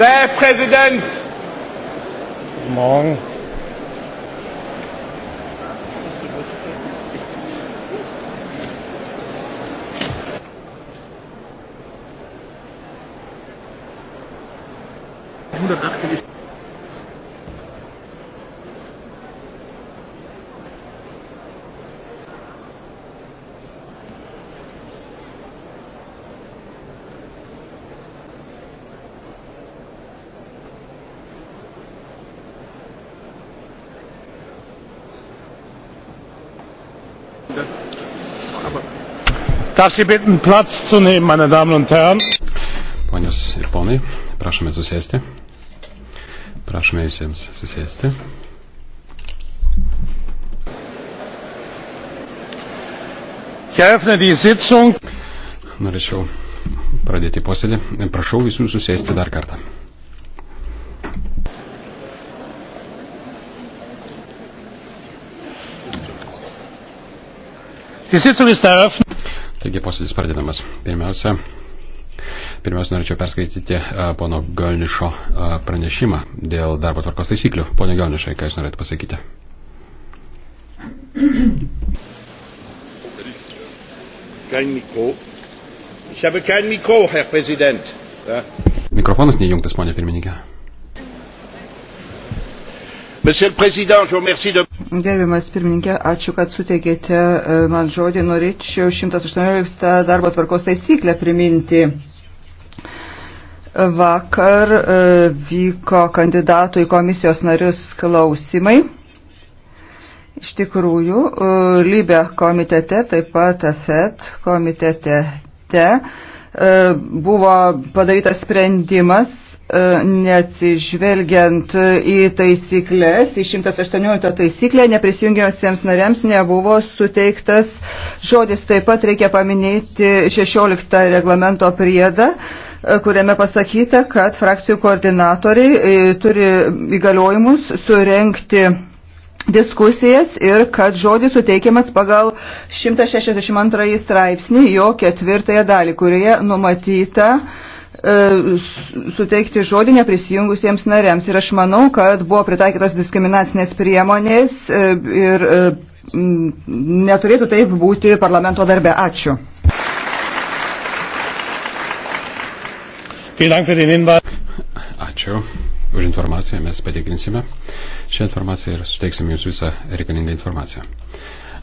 Der Herr Präsident! Guten Morgen. einhundertachtzig Darf Sie bitten, Platz zu nehmen, meine Damen und Herren. Ponios ir ponai, prašome susėsti. Prašome visiems susėsti. Norėčiau pradėti posėdį. Prašau visų susėsti dar kartą. Taigi posėdis pradedamas. Pirmiausia, pirmiausia, norėčiau perskaityti uh, pono Galnišo uh, pranešimą dėl darbo tvarkos taisyklių. Pone Galnišai, ką jūs norėtumėte pasakyti? Mikrofonas neįjungtas, ponė pirmininkė. Monsieur le Président, je vous remercie de... Gerbiamas pirmininkė, ačiū, kad suteikėte e, man žodį. Norėčiau 118 darbo tvarkos taisyklę priminti. Vakar e, vyko kandidatų į komisijos narius klausimai. Iš tikrųjų, e, Lybė komitete, taip pat AFET komitete. Te, E, buvo padarytas sprendimas e, neatsižvelgiant į taisyklės, į 118 taisyklę, neprisijungiausiems nariams nebuvo suteiktas žodis. Taip pat reikia paminėti 16 reglamento priedą, e, kuriame pasakyta, kad frakcijų koordinatoriai turi įgaliojimus surenkti diskusijas ir kad žodis suteikiamas pagal 162 straipsnį jo ketvirtąją dalį, kurioje numatyta e, suteikti žodį neprisijungusiems nariams. Ir aš manau, kad buvo pritaikytos diskriminacinės priemonės e, ir e, neturėtų taip būti parlamento darbe. Ačiū. Ačiū už informaciją, mes patikrinsime šią informaciją ir suteiksime jums visą reikalingą informaciją.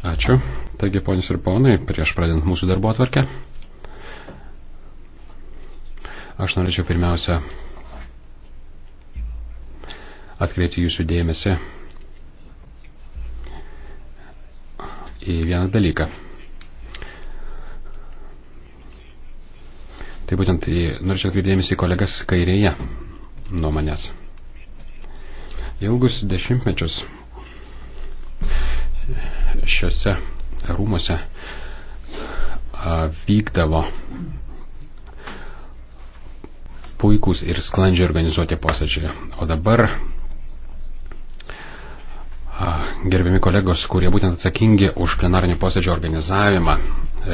Ačiū. Taigi, ponius ir ponai, prieš pradedant mūsų darbo atvarkę, aš norėčiau pirmiausia atkreipti jūsų dėmesį į vieną dalyką. Tai būtent norėčiau atkreipdėmėsi į kolegas kairėje nuomonės. Ilgus dešimtmečius šiuose rūmose vykdavo puikūs ir sklandžiai organizuoti posėdžiai. O dabar gerbiami kolegos, kurie būtent atsakingi už plenarinio posėdžio organizavimą,